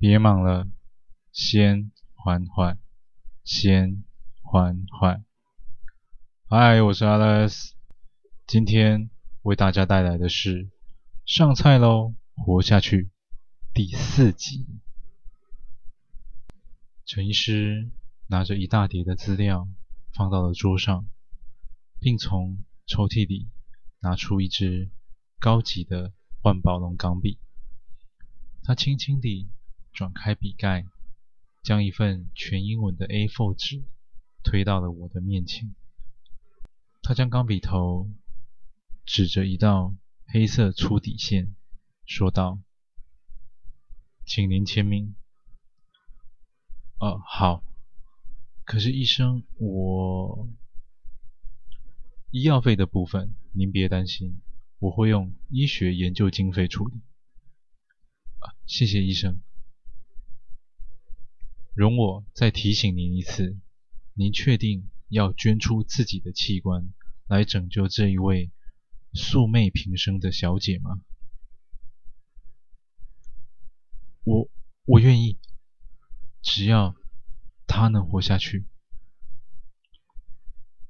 別忙了，先緩緩，先緩緩。嗨，我是阿拉斯，今天為大家帶來的是《上菜嘍，活下去》第四集。陳醫師拿着一大疊的資料放到了桌上，並從抽屜裡拿出一支高級的萬寶龍鋼筆，他輕輕地。轉開筆蓋，將一份全英文的 A4 紙推到了我的面前。他將鋼筆頭指着一道黑色粗底線，說道：“請您簽名。”“哦，好。”“可是醫生，我……醫藥費的部分您別擔心，我會用醫學研究經費處理。”“啊，謝謝醫生。”容我再提醒您一次，您確定要捐出自己的器官，來拯救這一位素昧平生的小姐嗎？我、我願意，只要她能活下去。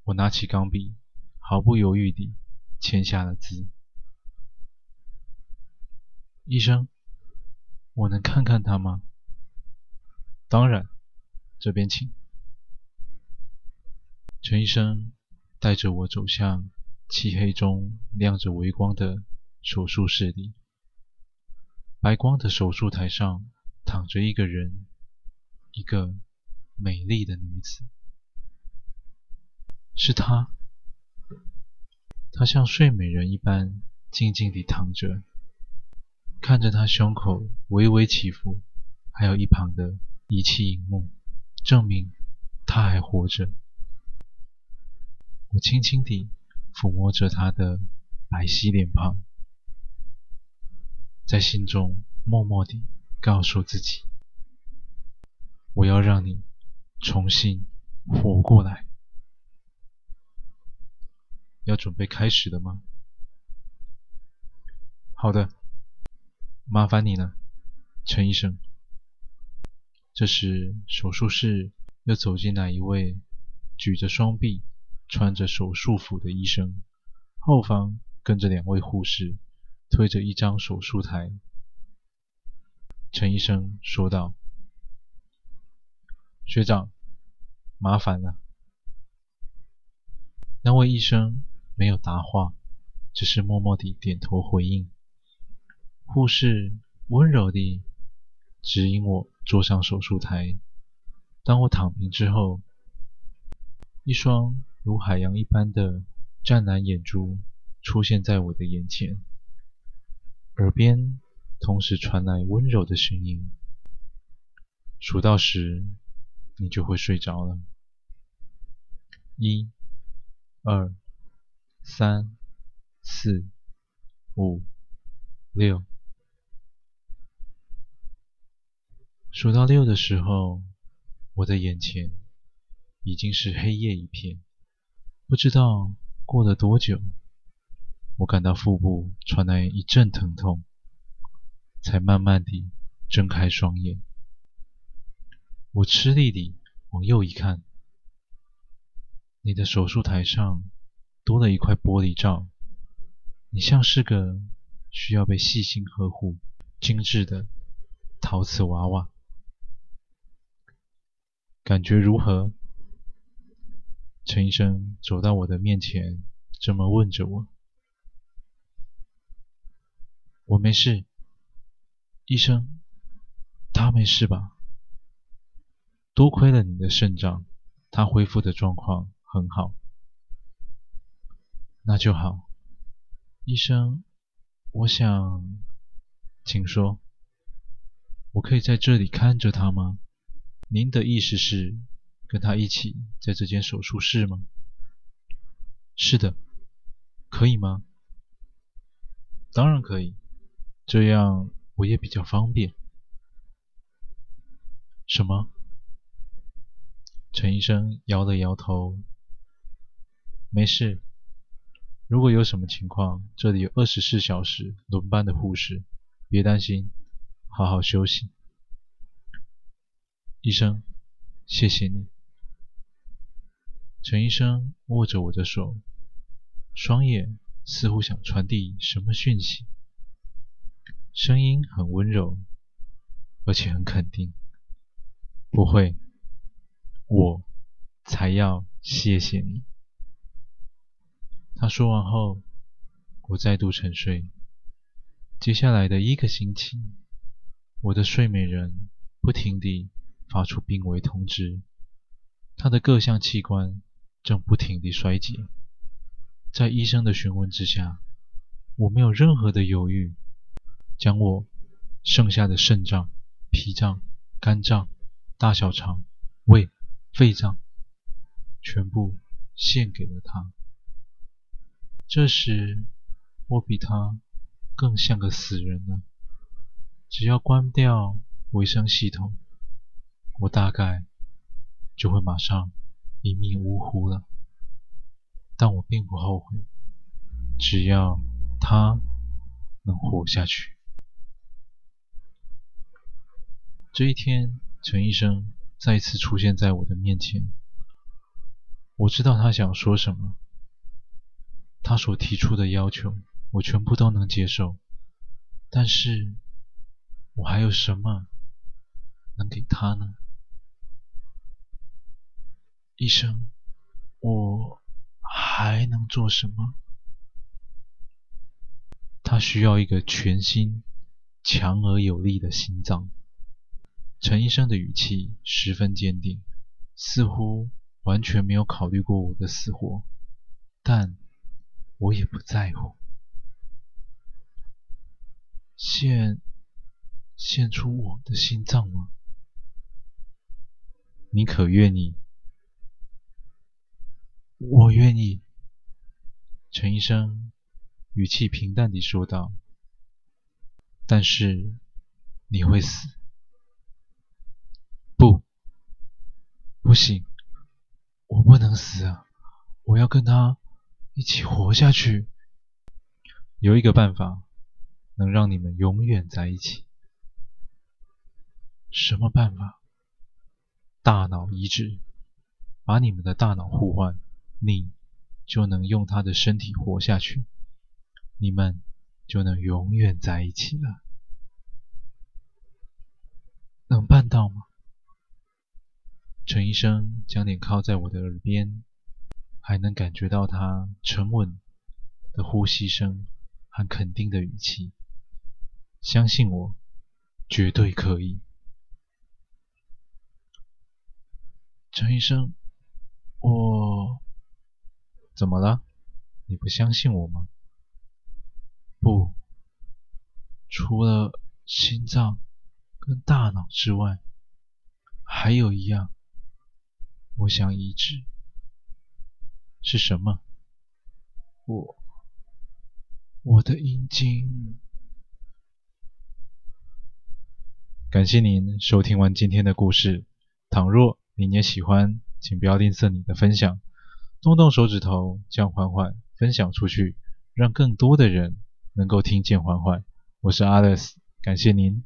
我拿起鋼筆，毫不猶豫地簽下了字。醫生，我能看看她嗎？當然，這邊請。陳醫生帶着我走向漆黑中亮着微光的手術室裡，白光的手術台上躺着一個人，一個美麗的女子。是她，她像睡美人一般靜靜地躺着，看着她胸口微微起伏，還有一旁的。儀器螢幕證明他還活着。我輕輕地撫摸着他的白皙臉龐，在心中默默地告訴自己：“我要讓你重新活過來。”要準備開始了嗎？好的，麻煩你了，陳醫生。這時，手術室又走進來一位舉着雙臂、穿着手術服的醫生，後方跟着兩位護士，推着一張手術台。陳醫生說道：“學長，麻煩了。”那位醫生沒有答話，只是默默地點頭回應。護士溫柔地指引我。坐上手術台，當我躺平之後，一雙如海洋一般的湛藍眼珠出現在我的眼前，耳邊同時傳來溫柔的聲音：“數到十，你就會睡着了。”一、二、三、四、五、六。數到六的時候，我的眼前已經是黑夜一片。不知道過了多久，我感到腹部傳來一陣疼痛，才慢慢地睜開雙眼。我吃力的往右一看，你的手術台上多了一塊玻璃罩，你像是個需要被細心呵護、精緻的陶瓷娃娃。感覺如何？陳醫生走到我的面前，這麼問着我：“我沒事，醫生，他沒事吧？多虧了你的腎臟，他恢復的狀況很好。那就好，醫生，我想，請說，我可以在這裡看着他嗎？”您的意思是跟她一起在這間手術室嗎？是的，可以嗎？當然可以，這樣我也比較方便。什麼？陳醫生搖了搖頭。沒事，如果有什麼情況，這裡有二十四小時輪班的護士，別擔心，好好休息。醫生，謝謝你。陳醫生握着我的手，雙眼似乎想傳遞什麼訊息，聲音很溫柔，而且很肯定。不會，我才要謝謝你。他說完後，我再度沉睡。接下來的一個星期，我的睡美人不停地發出病危通知，她的各項器官正不停地衰竭。在醫生的詢問之下，我沒有任何的猶豫，將我剩下的腎臟、脾臟、肝臟、大小腸、胃、肺臟全部獻給了她。這時，我比她更像個死人了。只要關掉維生系統，我大概就會馬上一命嗚呼了，但我並不後悔，只要他能活下去。這一天，陳醫生再一次出現在我的面前，我知道他想說什麼，他所提出的要求，我全部都能接受，但是，我還有什麼能給他呢？醫生，我，我還能做什麼？她需要一個全新、強而有力的心臟。陳醫生的語氣十分堅定，似乎完全沒有考慮過我的死活，但我也不在乎。獻，獻出我的心臟嗎？你可願意？我願意，陳醫生語氣平淡地說道。但是你會死，不，不行，我不能死啊！我要跟她一起活下去。有一個辦法能讓你們永遠在一起。什麼辦法？大腦移植，把你們的大腦互換。你就能用他的身體活下去，你們就能永遠在一起了。能辦到嗎？陳醫生將臉靠在我的耳邊，還能感覺到他沉穩的呼吸聲和肯定的語氣。相信我，絕對可以。陳醫生，我。怎麼了？你不相信我嗎？不，除了心臟跟大腦之外，還有一樣，我想移植，是什麼？我，我的陰莖。感謝您收聽完今天的故事，倘若您也喜歡，請不要吝嗇你的分享。動動手指頭，將環環分享出去，讓更多的人能夠聽見環環。我是 Alice，感謝您。